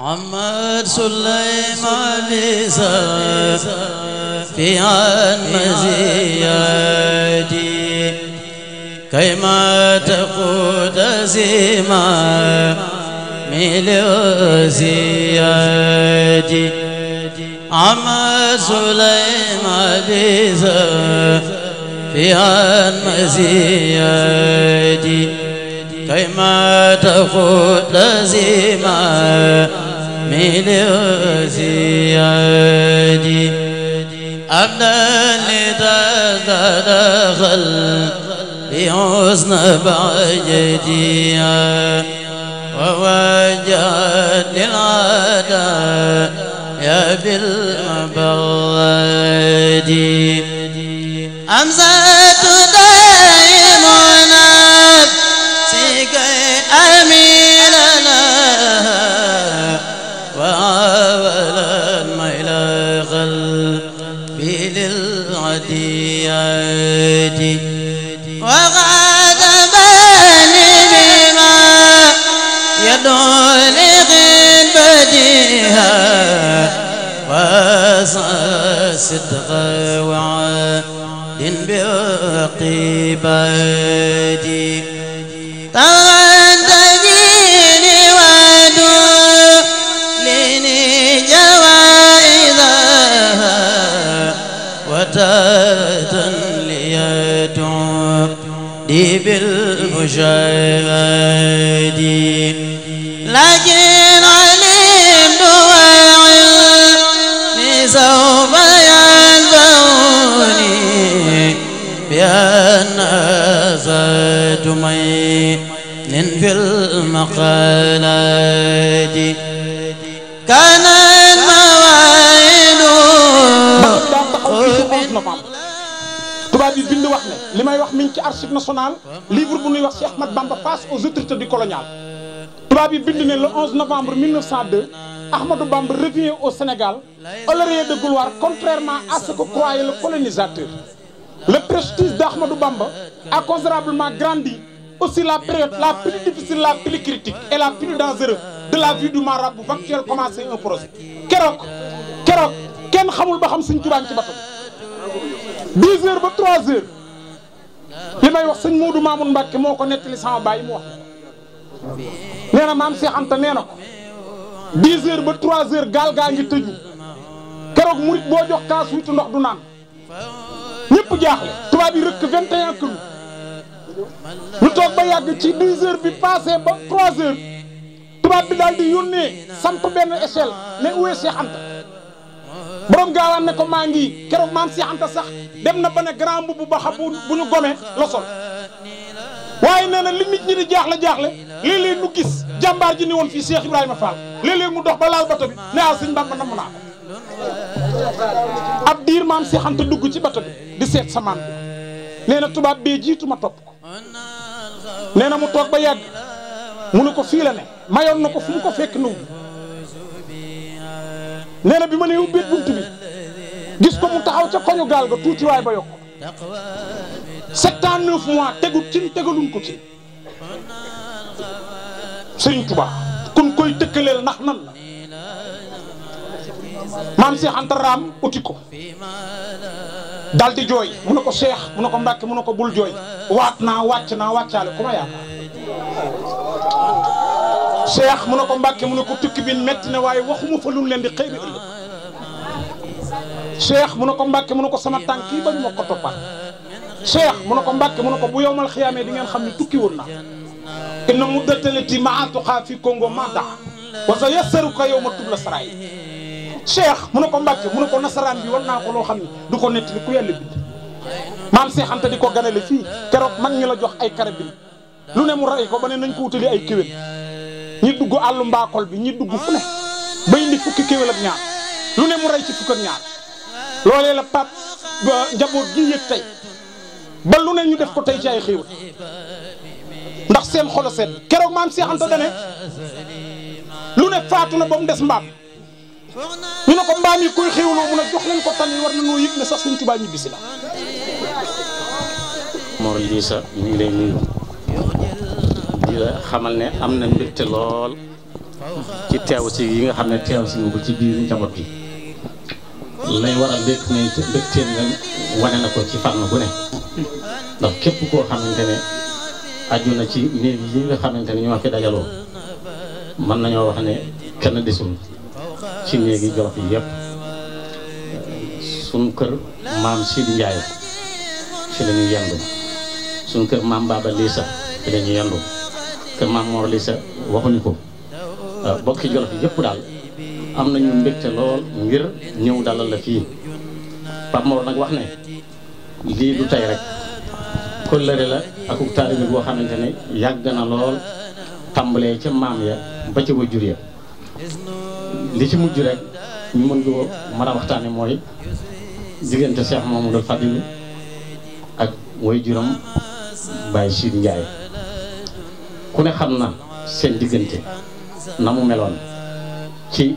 محمد سليمان في عن مزيادي كيما تقود زيما ملو زيادي محمد سليمان في عن مزيادي كيما تقول لازما من زيادي أمنا لتتدخل في حسن بعجتي ووجهت للعداء يا بالمبرد أمزت دائما أسعى صدقا وعاد بعقبادي تغدني وادو لني جوائزها وتاتا ليدعو دي بالمشاهدين لكن مين في المقالات كان الموائل tubaab yi bind wax ne li may wax mi ngi ci archive nationale livre bu ñuy wax Cheikh Ahmad Bamba face aux autorités du colonial bind ne le novembre 1902 Ahmadou Bamba revient au Sénégal honoré de gloire contrairement à ce que croyait le colonisateur Le prestige d'Ahmadou Bamba a considérablement grandi, aussi la période la plus difficile, la plus critique et la plus dangereuse de la vie du marabout commencé un projet. keroog keroog kenn xamul ba xam Sëñ Tuubaa ci batam 10 heures ba 3 heures li may wax sëñ Moodu Maamun Mbàkke moo ko nettali sama baay mu wax nee na maam Cheikh Anta nee na ko 10 heures ba 3 heures gaal gaa ngi tëju keroog murit boo jox kaas witu ndox du naan. ñëpp jaaxle tubaab yi rëkk 21 këru lu toog ba yàgg ci 10 heures bi passé ba tubaab bi daal di yónnee samp benn échelle ne où est Cheikh Anta ne ko maa ngi keroog maam Cheikh sax dem na ba ne grand mbubb ba xam bu ñu gomee la sol waaye nee na li nit ñi di jaaxle jaaxle léeg-léeg gis jàmbaar ji ni woon fii Cheikh Ibrahima Fall léeg mu dox ba laal bato bi ne ah sëñ Bamba namm ko ab diir maam Seex Anta dugg ci bato bi di seet sa maam bi tubaab bee jiitu ma topp ko nee na mu toog ba yàgg mu ne ko fii la ne mayoon na ko fu mu ko fekk nu nee bi ma nee ubbeet bunt bi gis ko mu taxaw ca koñu gaal ga tuuti ba yokk sept ans neuf mois tegut ci tegaluñ ko ci Sëriñ Tuubaa kun koy tëkkaleel ndax nan la maam Cheikh Anta Raam uti ko dal di jooy mu ne ko Cheikh mu ne ko Mbacke mu ne ko bul jooy waat naa wàcc naa wàccaale ku ma yaakaar Cheikh mu ne ko Mbacke mu ne ko tukki bi metti na waaye waxuma fa lu leen di xëy bi ëllëg mu ne ko Mbacke mu ne ko sama tànk yi bañ ma ko toppaat Cheikh mu ne ko Mbacke mu ne ko bu yowmal xiyaamee di ngeen xam ne tukki woon naa inna muddatalati maatuqa fi Congo mada wa sa yassaruka yawma tubla saraay cheikh mu ne ko mbàcke mu ne ko nasaraan bi war naa ko loo xam ne du ko nettali ku yàlla bind maam Cheikh di ko ganale fii keroog mag ñi la jox ay karabin lu ne mu rey ko nañ ko ay kéwél dugg àllu bi ñi dugg fu ne lu ne mu rey la pap njaboot gi yëg tey ñu def ko tey ci ay seen xolo seet keroog maam Cheikh Anta dane lu ne faatu na ba mu des mbaam ñu ne ko mbaam yi kuy xéwloo mun a jox leen ko tan war nañoo yëg ne sax suñ Tuubaa ñibbisi la. Mor Lissa ñu ngi lay nuyu xamal ne am na mbégte lool ci teew si yi nga xam ne teew si ko ci biir njaboot bi lay war a mbégte ne mbégteel nga na ko ci fànn bu ne ndax képp koo xamante ne aju na ci néeg yi nga xamante ne ñoo fi dajaloo mën nañoo wax ne kenn desul. ci néegi jolof yi yëpp suñu kër maam Sidi Ndiaye fi la ñu yendu suñu kër maam Baba Lissa fi la ñu yendu kër maam Mor Lissa waxuñu ko ah, bokki jolof yi daal am nañu mbégte lool ngir ñëw dalal la fii Pape nag wax ne lii du tey rek kóllëre la ak taalibe boo xamante ne yàgg na lool tàmbalee ca maam ya ba ca wajur ya li ci mujj rek ñu mën ko mën a waxtaane mooy diggante Cheikh Mamadou Fadil ak way juram Baye Sidi Ndiaye ku ne xam na seen diggante na mu meloon ci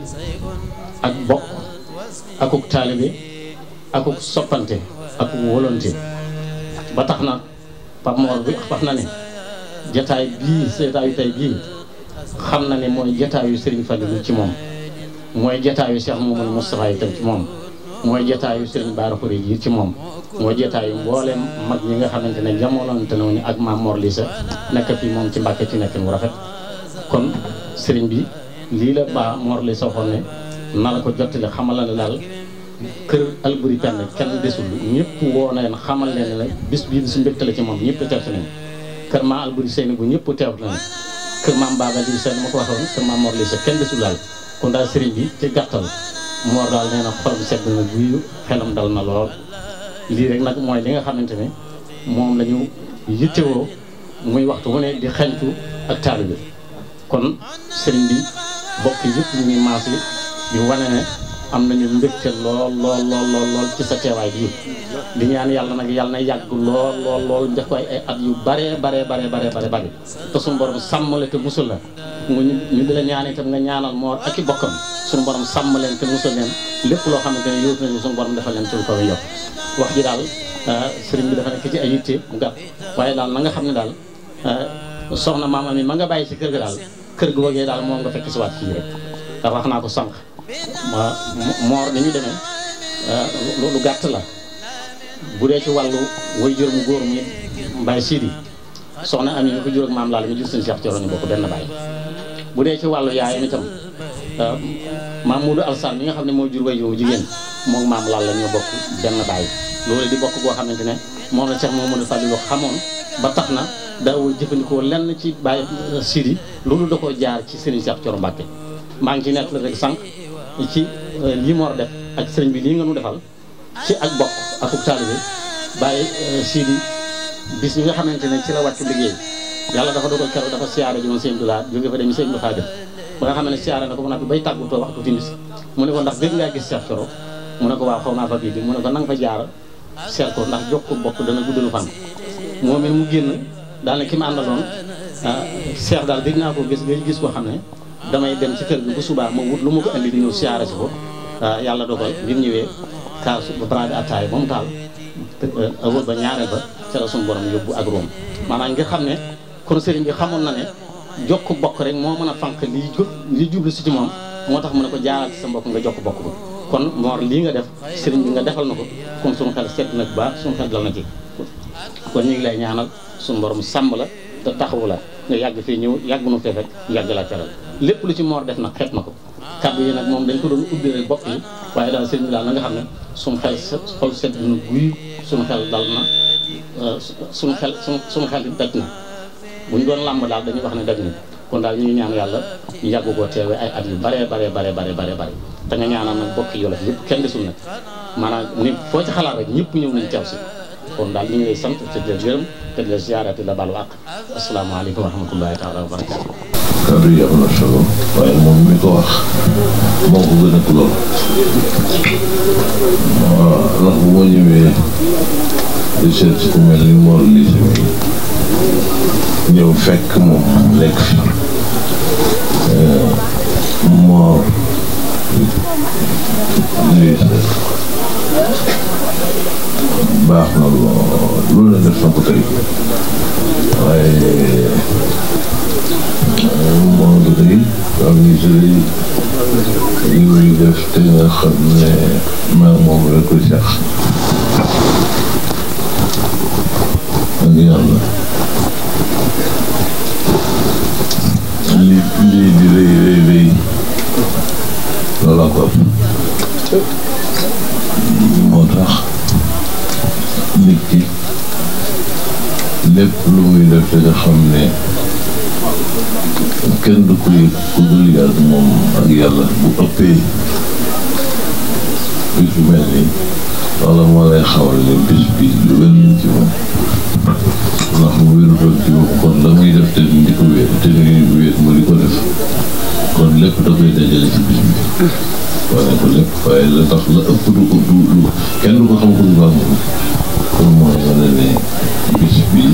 ak bokk akuk taalibe ak soppante akuk wolonte ba tax na Pape Mor bi wax na ne jataay bii seetaayu tey bii xam na ne mooy jataayu Serigne Fallou ci moom mooy jataayu Cheikh Mamadou Moustapha itam ci moom mooy jataayu Serigne Bara Khoury yi ci moom mooy jataayu mbooleem mag ñi nga xamante ne wu nañu ak Maam Mor Lissa nekk fii moom ci Mbàkke ci nekkin wu rafet kon Serigne bi lii la Maam Mor sa waxoon ne na la ko jottali xamal la ne daal kër Alboury Penda kenn desul ñëpp woo na leen xamal leen ne bis bii su mbégte la ci moom ñëpp teew nañu kër Maam Alboury Seyni bu ñëpp teew nañu kër Maam Baba Lissa ma ko waxoon kër Maam Mor Lissa kenn desul daal kon daal sëriñ bi ci gàttal moor daal nee na xolam sedd na guyu xelam dal na lool lii rek nag mooy li nga xamante ne moom lañu ñu yittewoo muy waxtu wu ne di xentu ak taalibe kon sëriñ bi bokk yëpp ngi maas di wane ne am na ñu lool lool lool lool lool ci sa teewaay bi di ñaan yàlla nag yàlla na yàgg lool lool lool def ko ay at yu bare bare bare bare bare bare te suñu borom sàmm la te la mu ñu la ñaan itam nga ñaanal moor i bokkam suñu borom sàmm leen te musul leen lépp loo xamante ne yóotu nañu suñu borom defal leen ci lu koy yokk wax ji daal euh, sëriñ ci ay yitte waaye daal na nga xam ne daal euh, soxna maama mi ma nga bàyyi si kër ga daal kër gu bëggee daal moom nga fekk si waat fii rek ndax wax naa ko sànq ma moor ni ñu demee loolu ah, gàtt la bu dee ci wàllu way jur mu góor mi Mbaye Sidi soxna Ami ñu ko jur ak maam laal mi jur seen benn baay bu dee ci wàllu yaayam itam ah, maam Moodu Alsaan mi nga xam ne moo jur way jur jigéen moom maam laal la ñoo bokk benn baay loolu di bokk boo xamante ne moom la Cheikh Mamadou Fadilou xamoon ba tax na daawul jëfandikoo lenn ci Baye Sidi loolu da koo jaar ci Serigne Cheikh Thioro Mbacké ci nekk rek sànq ci euh, lii moor def ak sëriñ bi lii nga nu defal ci ak bokk ak ub taalibe bàyyi euh, siidi bis ñi nga xamante ne ci la wàccu liggéey yàlla dafa dogal keroog dafa siyaara ji moom sëñ Abdou Lahad jóge fa dem sëñ Abdou Khadre ba nga xam ne siyaara na ko mu naan bay tàggutoo waxtu timis mu ne ko ndax gëj ngaa gis Cheikh Thioro mu ne ko waaw xaw ko na nga fa jaar seet ko ndax jokk bokk dana guddalu fan moom it mu génn daal ne ki ma àndaloon ah, Cheikh daal gëj naa ko gis gëj gis ko xam ne damay dem ci kër bi bu subaa ma wut lu ma ko andi ñëw siyaare si ko ah, yàlla dogal bi mu ñëwee kaasu ba brandi attaay ba mu taal wër euh, ba ñaareel ba ca la suñu borom yóbbu ak room maanaam nga xam ne kon sëriñ bi xamoon na ne jokk bokk rek moo mën a fànq li li jublu si ci moom moo tax mu ne ko jaaral ci sa mbokk nga jokk bokk ko kon moor lii nga def sëriñ bi nga defal na ko kon suñu xel set nag baax suñu xel dal na ci kon ñu ngi lay ñaanal suñu borom sàmm la te taxawu la nga yàgg fii ñëw yàgg nu fee fekk yàgg laa teral lépp lu ci moor def nag xeeb na ko kàddu yi nag moom dañ ko doon ubbee rek bopp yi waaye daal sëriñ daal na nga xam ne suñu xel xol sedd na guy suñu xel dal na euh, suñu xel suñu xel daj na bu ñu doon làmb daal dañuy wax ne daj na kon daal ñu ngi ñaan yàlla ñu yàgg koo teewee ay at yu bare bare bare bare bare bare te nga ñaanal nag bokk yolof yëpp kenn desul nag maanaam ni foo ci xalaat rek ñëpp ñëw nañ teew si kon daal ñu ngi lay sant te di la gërëm te di la ziyaarati la balu àq asalaamaaleykum kaddu yi am na solo waaye moom mi ko wax moo ko gën a ko lool waaw ndax bu ma ñëwee ku mel ni Mor Lise mi ñëw fekk moom nekk fi eh, Mor Lise baax na loolu la def sonk tey waaye moom du tey am ñu tey yooyu def te nga xam ne maa moom la ko seq ak yàlla li lii di rëy rëy rëy loolu la ko ci lépp lu muy def te xam ne kenn du ko yëg ku dul yàlla moom ak yàlla bu ëppee bis bu mel ni wala moo lay xawal ne bis bi lu wér ci moom ndax mu wérutoon ci moom kon la muy def te di ko wéet te ni mu di ko def kon lépp da koy dajale ci bis bi wane ko lépp waaye la tax la ëpp du du kenn du ko xam ko du baax moom kon mooy wane ne bis bii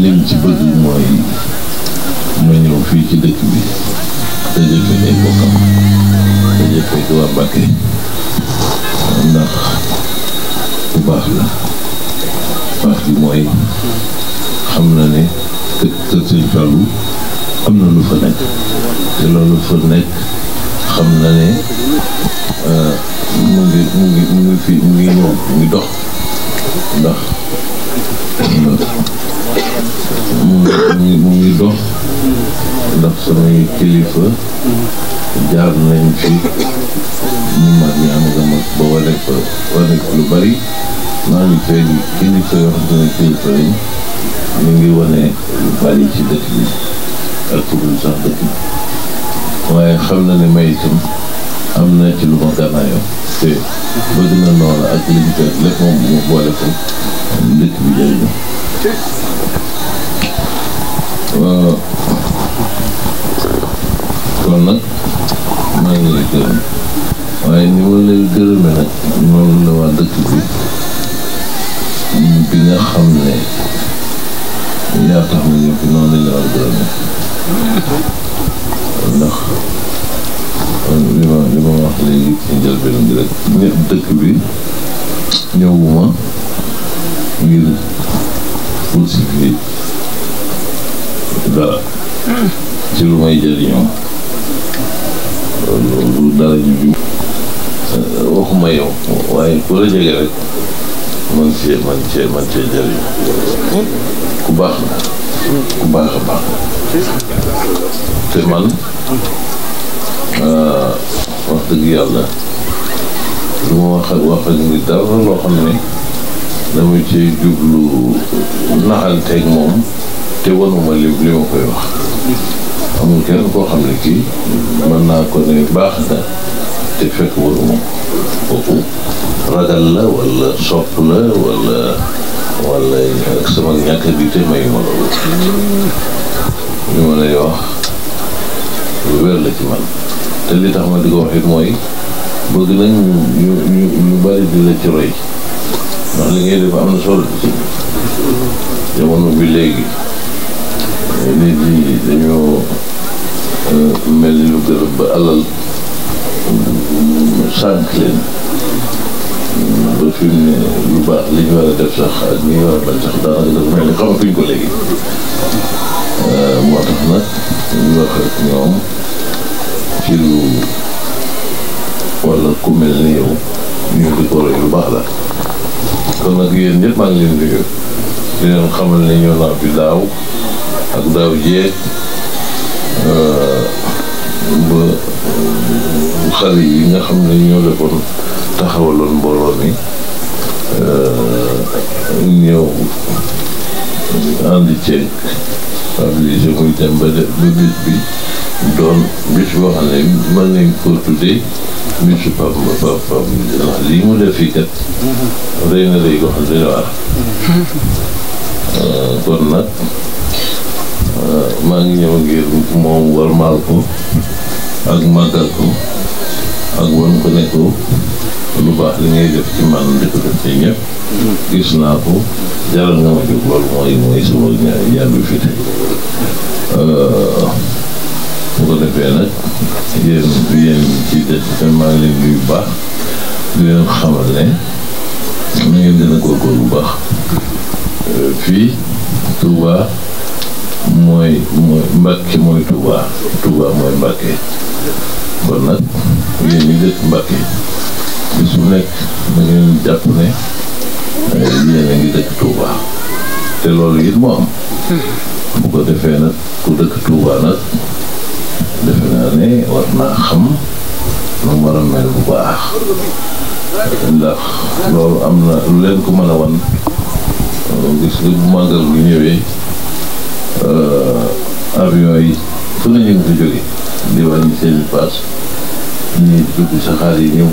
lim ci bëgg mooy ma ñëw fii ci dëkk bi daje fekk ay bokkam bu baax baax bi mooy xam na ne kër kër Sëñ am na lu fa nekk te loolu fa nekk xam na ne euh, mu ngi mu ngi mu ngi fi mu ngi dox ndax ñu ngi dox ndax sunuy kilifa jaar nañ fi ñu mag ñi am nga mag ba wane fa wane lu bari maa ngi fee kilifa yoo xam ne kilifa lañ ñu ngi wane lu bari ci dëkk bi ak tudd sax dëkk bi waaye xam na ne may itam am na ci lu ma gànnaayoo te bëgg na noonu ak liggéey lépp moom mu boole ko ndëkk bi jëriñu waaw kon nag maa ngi lay gërëm waaye ni ma lay gërëmee nag noonu waa dëkk bi bi nga xam ne yaa tax na ñëpp noonu la war a ndax li ma li ma wax léegi ci njëlbeen bi rek ñëpp dëkk bi ñëwuma ngir wut si fii dara ci lu may jëriñoo loolu dara ñu waxuma yow waaye ku la jege rek man cee man cee man cee jëriñ ku baax la ku baax a te man Ah, wax dëgg yàlla lu ma wax ak wax ak ngi dara loo xam ne dama cee jublu naxanteeg moom te wanuma li li ma koy wax amul kenn koo xam ne kii mën naa ko ne baax na te fekk waruma kooku ragal la wala sopp la wala wala ak sama ñàkk di te ma loolu ma lay wax lu wér la ci man te li tax ma di ko wax it mooy bëgg nañ ñu ñu ñu bari di la ci roy ndax li ngay def am na solo ci jamono bi léegi nit yi dañoo euh, mel ni lu gërëm ba alal sànq leen ba fi mu ne lu baax li ñu war a def sax ak li ñu war a bañ sax daanaka dafa mel ni xamatuñ ko léegi euh, moo tax nag ñu wax ak ñoom. ci wala ku ni yow ñu ngi ko lu baax la kon nag yéen ñëpp maa leen nuyu di leen xamal ne ñoo naa fi daaw ak daaw jeeg euh, ba xale yi nga xam ne ñoo defoon taxawaloon mbooloo mi euh, ñëw ànd ceeg obligé muy dem ba def ba bis bi doon bis boo xam ne mën nañ ko tuddee bisu Pape Pape mu def fii kat rëy na rëy goo xam ne waar euh, kon nag euh, maa ngi ñëw ngir moom war maal ko ak màggal ko ak wan ko ne lu baax li ngay def ci man di ko def ci ñëpp gis naa ko jaral nga ma jóg loolu mooy mooy sama ñaar bi fi tey euh, su ko defee nag yéen yéen ci def tam maa ngi leen bu baax xamal ne na ngeen gën a góorgóor bu baax euh, fii Touba mooy mooy Mbàkke mooy Touba Touba mooy Mbàkke kon nag yéen ñi dëkk Mbàkke bis bu nekk da ngeen jàpp ne euh, yéen te loolu it moo am bu ko defee nag ku dëkk Touba nag defe naa ne war naa xam nu mu war mel bu baax ndax loolu am na lu leen ko mën a wan gis nga bu màggal bu ñëwee euh, avion yi fu ne ñu ko jóge di wàññi seen paas ñii dugg saxaar yi ñëw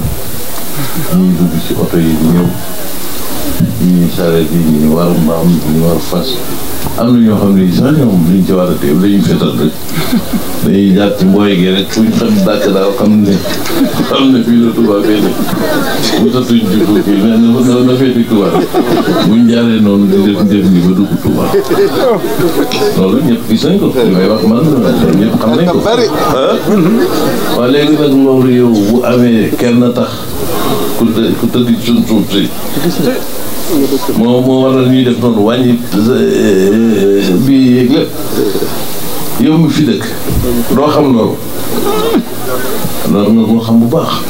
ñii dugg ci oto yi ñëw ñuy sareet yi ñu war mbaam ñu war fas am na xam ne sax ñoom liñ ci war a teew dañuy fetal rek dañuy jàpp ci mbooy gi rek fuñ xam dàkk daaw xam ne xam ne fii la Tuubaa féete bu tatuñ jaaree noonu di def def ni ba dugg Tuubaa loolu ñëpp gis nañ ko may wax man ñëpp xam nañ ko waaw léegi nag loolu yow bu amee ku të ku tëdd suñ suuf si moo moo waral ñuy def noonu wàññi e, e, e, bi yeeg lépp fi dëkk doo xam loolu loolu xam bu baax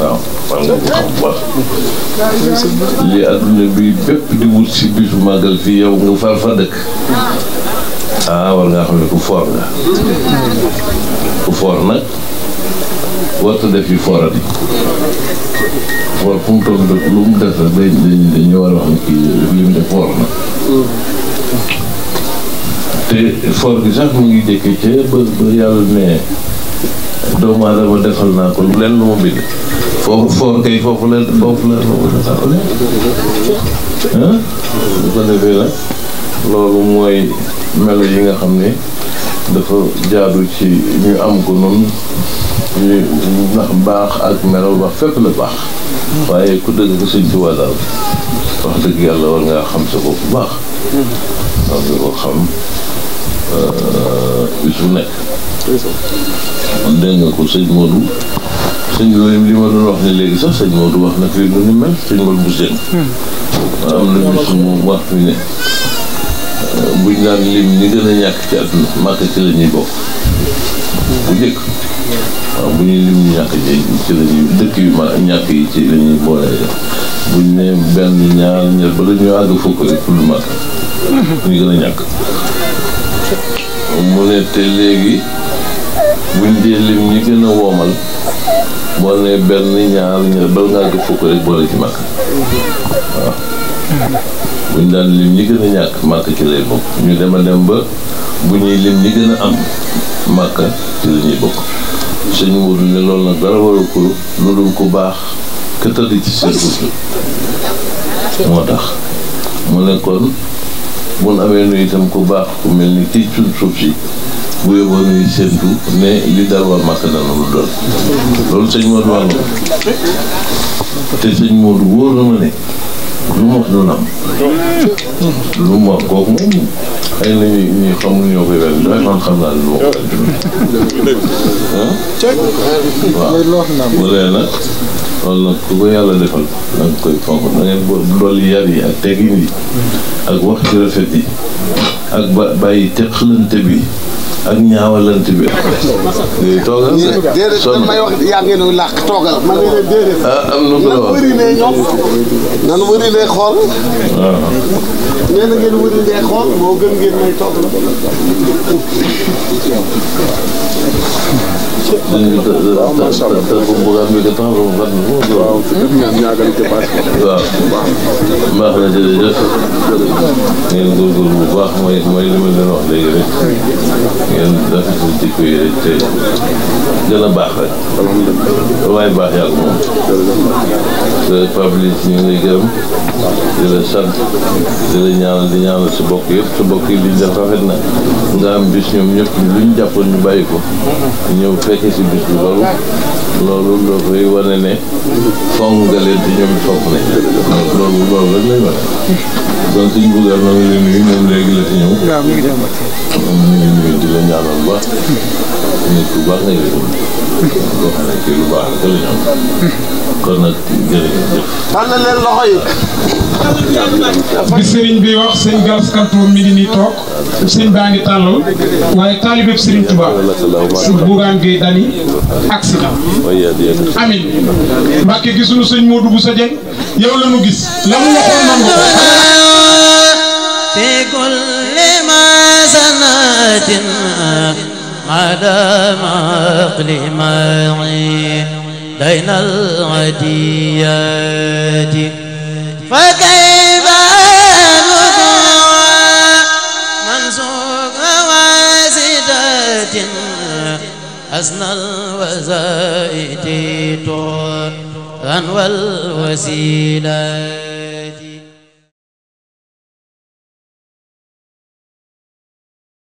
waaw man nga ko xam bu baax lii adduna bi bépp di wut si bisu màggal fii yow nga far fa dëkk ah war ngaa xam ne ku foor nga ku foor nag warta def yi fooradi xool fu lu mu def rek day dañu war a mu gi sax mu ngi jëkkee ba naa ko mu bind. foofu foor melo yi nga xam ne dafa jaadu ci ñu am ko noonu. ndax baax ak melaw baax fépp la baax waaye ku dëgg ko sëñ Tuubaa daal wax dëgg yàlla war ngaa xam sa bopp bu baax war nga ko xam euh, bis bu nekk dégg ko sëñ Modou sëñ Loïm li ma doon wax ne léegi sax sëñ Modou wax na fi lu ni mel sëñ Modou bu seen hmm. am na bis mu wax fi ne buñ daan lim ñi gën a ñàkk ci àdduna màkk ci la bokk bu njëkk waaw bu ñuy lim ñu ñàkk ci la dëkk yu ma ñàkk yi ci lañuy ñuy boole buñ ne benn ñu ñàkk mu ne léegi buñ dee lim ñi gën a woomal boo benn ñaar ñett ba nga àgg fukk rek boole ci màkk waaw bu ñu daan lim ñi gën a ñàkk màkk ci lay bokk ñu dem ba bu ñuy lim ñi gën a am màkk ci la ñuy bokk sëñ Modou ne loolu nag dara waru ko lu dul baax ka tëdd ci service bi moo tax mu ne kon bu nu amee nuyu itam baax ku mel ni kii suñ suuf si bu yóbboo nuyu séntu ne li dal waa màkk dana lu doon loolu sëñ Modou wax na te sëñ Modou wóor na ma ne lu ma wax noonu am. lu ma kooku moom xëy na ñuy ñuy koy wel waaye man xam naa ne lu ma wax. ah. waaw bu dee nag loolu ku ko yàlla defal da koy fonk da ngeen ko yar yi ak teggin yi ak wax ci rafet yi ak ba bàyyi teqalante bi. ak ñaawalante bi. ngay toogal de sonn may wax yaa ngi nu làkk toogal. man de déedéet. ah am na ku la wax nan wërilee ñoom. nan wërilee xool. waaw. Ah. nee na ngeen wërilee xool moo gën ngeen may toog la. waaw macha allah waaw baax na jërëjëf ngeen góorgóorlu bu baax mooy mooy li ma leen wax léegi rek ngeen rafetlu jikko yi te gën a baax rek. waaye baax yàlla moom. te Pablis ñu ngi gërëm di la sant di la ñaanal di ñaanal sa bokk yëpp sa bokk yi liñ def rafet na nga am bis ñoom ñëpp luñ jàppoon ñu bàyyi ko ñëw fekke si bis bi loolu loolu dafay wane ne fonk nga leen di ñoom fonk ne loolu loolu rek wane kon suñu bëgg daal maa ngi leen nuyu moom léegi la fi ñëw. waaw mi ngi dem ba tey. ñu ngi nuyu di la ñaanal bu baax. nit ku baax ngay def. boo xam ne ci lu baax la ñu am. kon nag jërëjëf. tàllal leen loxo yi. bi sëriñ bi wax sëñ Galas Kaltoum mi ngi nii toog sëñ baa ngi tàllal waaye taalibeeb sëriñ Tuubaa su bugaan gay dani accident amin Mbàkke gisuñu sëñ Modou Bousso Dieng yow la ñu gis la mu waxoon nangu ko في كل ما سنات على عقل معي بين العديات فكيف ندعى من سوق واسدات حسن الوزائد طرا والوسيلات